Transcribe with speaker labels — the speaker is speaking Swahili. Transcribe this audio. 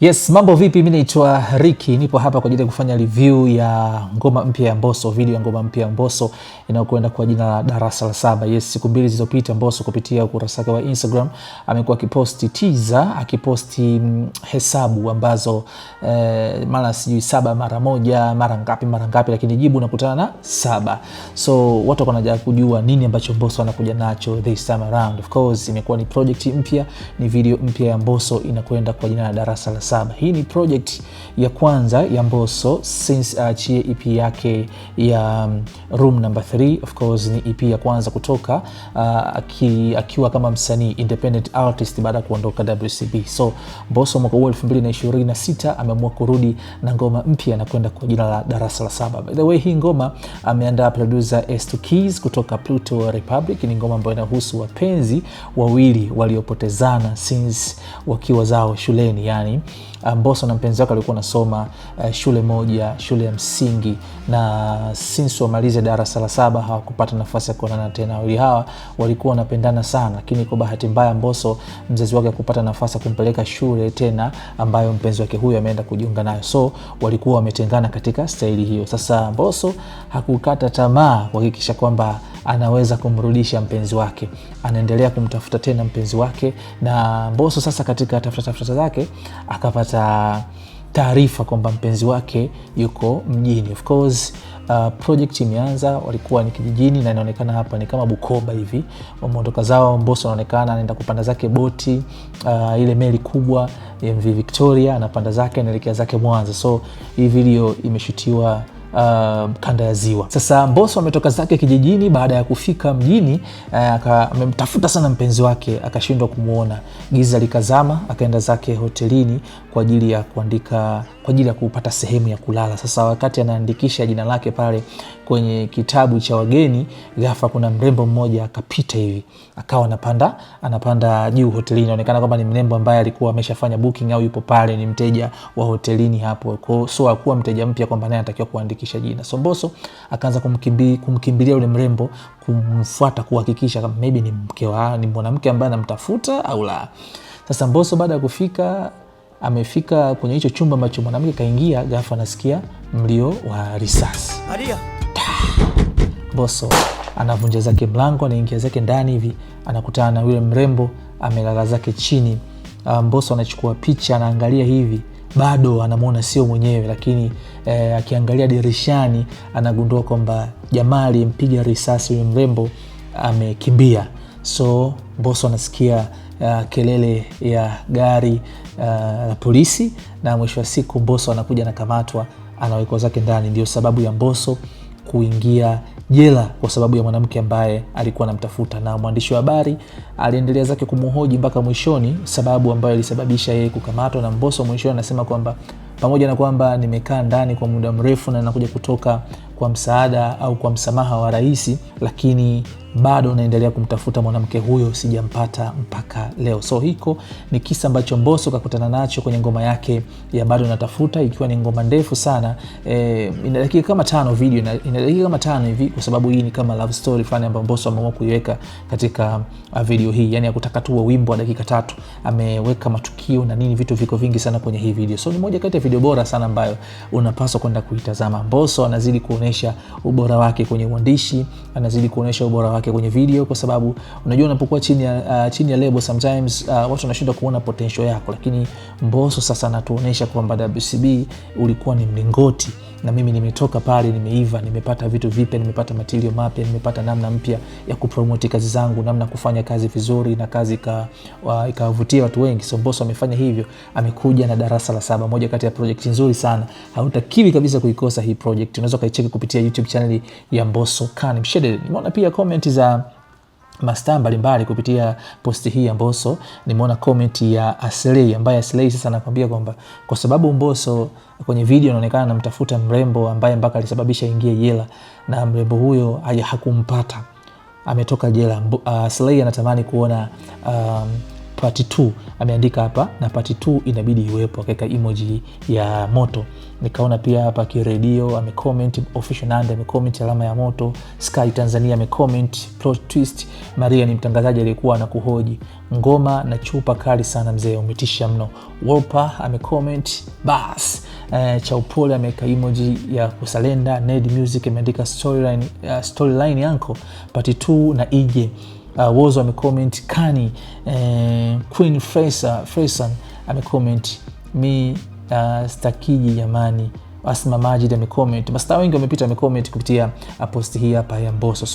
Speaker 1: Yes, mambo vipi? Mimi naitwa Ricky, nipo hapa kwa ajili ya kufanya review ya ngoma mpya ya Mbosso, video ya ngoma mpya ya Mbosso inayokwenda kwa jina la Darasa la Saba. Yes, siku mbili zilizopita Mbosso kupitia ukurasa wake wa Instagram amekuwa akiposti teaser, akiposti mm, hesabu ambazo eh, mara sijui saba mara moja mara ngapi mara ngapi, lakini jibu unakutana na saba. So watu wako wanaja kujua nini ambacho Mbosso anakuja nacho this time around. Of course imekuwa ni project mpya, ni video mpya ya Mbosso inakwenda kwa jina la Darasa la saba. Hii ni project ya kwanza ya Mbosso since aachie uh, EP e yake ya um, Room number 3. Of course ni EP ya kwanza kutoka uh, aki, akiwa kama msanii independent artist baada ya kuondoka WCB. So Mbosso mwaka huu 2026 ameamua kurudi na ngoma mpya na kwenda kwa jina la Darasa la Saba. By the way, hii ngoma ameandaa producer S2 Keys kutoka Pluto Republic. Ni ngoma ambayo inahusu wapenzi wawili waliopotezana since wakiwa zao shuleni yani Mbosso na mpenzi wake alikuwa anasoma uh, shule moja, shule ya msingi, na since wamalize darasa la saba hawakupata nafasi ya kuonana tena. Wawili hawa walikuwa wanapendana sana, lakini kwa bahati mbaya Mbosso mzazi wake hakupata nafasi ya kumpeleka shule tena ambayo mpenzi wake huyo ameenda kujiunga nayo, so walikuwa wametengana katika staili hiyo. Sasa Mbosso hakukata tamaa kuhakikisha kwamba anaweza kumrudisha mpenzi wake, anaendelea kumtafuta tena mpenzi wake, na Mbosso sasa katika tafuta tafuta zake aka akapata taarifa kwamba mpenzi wake yuko mjini. Of course uh, project imeanza, walikuwa ni kijijini na inaonekana hapa ni kama Bukoba hivi, wameondoka zao Mbosso, anaonekana anaenda kupanda zake boti uh, ile meli kubwa MV Victoria, anapanda zake anaelekea zake Mwanza. So hii video imeshutiwa uh, kanda ya Ziwa. Sasa Mbosso ametoka zake kijijini, baada ya kufika mjini eh, amemtafuta uh, sana mpenzi wake akashindwa kumwona, giza likazama, akaenda zake hotelini kwa ajili ya kuandika kwa ajili ya kupata sehemu ya kulala. Sasa wakati anaandikisha jina lake pale kwenye kitabu cha wageni, ghafla kuna mrembo mmoja akapita hivi, akawa anapanda anapanda juu hotelini. Inaonekana kwamba ni mrembo ambaye alikuwa ameshafanya booking au yupo pale, ni mteja wa hotelini hapo, kwa so hakuwa mteja mpya kwamba naye anatakiwa kuandikisha jina. Somboso akaanza kumkimbi, kumkimbilia yule mrembo kumfuata kuhakikisha kama maybe ni mke wa ni mwanamke ambaye anamtafuta au la. Sasa Mbosso baada ya kufika amefika kwenye hicho chumba ambacho mwanamke kaingia, gafu, anasikia mlio wa risasi. Boso anavunja zake mlango, anaingia zake ndani hivi, anakutana na yule mrembo amelala zake chini. Ah, Mbosso anachukua picha, anaangalia hivi bado anamwona sio mwenyewe, lakini eh, akiangalia dirishani anagundua kwamba jamaa aliyempiga risasi yule mrembo amekimbia. So mboso anasikia uh, kelele ya gari uh, la uh, polisi, na mwisho wa siku Mbosso anakuja anakamatwa, anawekwa zake ndani. Ndio sababu ya Mbosso kuingia jela kwa sababu ya mwanamke ambaye alikuwa anamtafuta, na mwandishi wa habari aliendelea zake kumhoji mpaka mwishoni, sababu ambayo ilisababisha yeye kukamatwa. Na Mbosso mwishoni anasema kwamba pamoja na kwamba nimekaa ndani kwa muda mrefu na nakuja kutoka kwa msaada au kwa msamaha wa rais, lakini bado naendelea kumtafuta mwanamke huyo, sijampata mpaka leo. So hiko ni kisa ambacho Mbosso kakutana nacho kwenye ngoma yake ya bado natafuta, ikiwa ni ngoma ndefu sana e, ina dakika kama tano, video ina dakika kama tano hivi, kwa sababu hii ni kama love story fulani ambayo Mbosso ameamua kuiweka katika ah, video hii, yani hakutaka tu wimbo wa dakika tatu, ameweka matukio na nini, vitu viko vingi sana kwenye hii video. So ni moja kati ya video bora sana ambayo unapaswa kwenda kuitazama. Mbosso anazidi kuonesha ubora wake kwenye uandishi, anazidi kuonesha ubora wake yake kwenye video, kwa sababu unajua unapokuwa chini ya, uh, chini ya label sometimes uh, watu wanashindwa kuona potential yako, lakini Mbosso sasa anatuonesha kwamba WCB ulikuwa ni mlingoti na mimi nimetoka pale, nimeiva, nimepata vitu vipya, nimepata matilio mapya, nimepata namna mpya ya kupromoti kazi zangu, namna ya kufanya kazi vizuri na kazi ikawavutia watu wengi. So amefanya hivyo, amekuja na darasa la saba, moja kati ya projekt nzuri sana, hautakiwi kabisa kuikosa hii projekt Unaweza ukaicheki kupitia YouTube chaneli ya mboso kan Khan. Nimeona pia comment za mastaa mbalimbali kupitia posti hii ya mboso Nimeona komenti ya Aslei ambaye Aslei sasa anakwambia kwamba kwa sababu mboso kwenye video anaonekana namtafuta mrembo ambaye mpaka alisababisha ingie jela na mrembo huyo hakumpata, ametoka jela. Uh, Aslei anatamani kuona um, part 2 ameandika hapa, na part 2 inabidi iwepo, akaweka emoji ya moto. Nikaona pia hapa Kiredio amecomment, Official Nandy amecomment alama ya moto, Sky Tanzania amecomment plot twist, Maria ni mtangazaji aliyekuwa na kuhoji ngoma na chupa kali sana mzee, umetisha mno. Wolper amecomment bas Uh, eh, Chaupole ameweka emoji ya kusalenda. Ned Music ameandika storyline, uh, storyline yanko part 2 na ije uh, Wozo amecomment Kani, eh, Queen Fraser, Fraser amecomment mi uh, stakiji jamani. Asma Majid amecomment, mastaa wengi wamepita amecomment kupitia uh, posti hii hapa ya Mbosso.